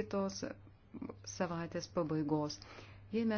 kitos savaitės pabaigos. Jei mes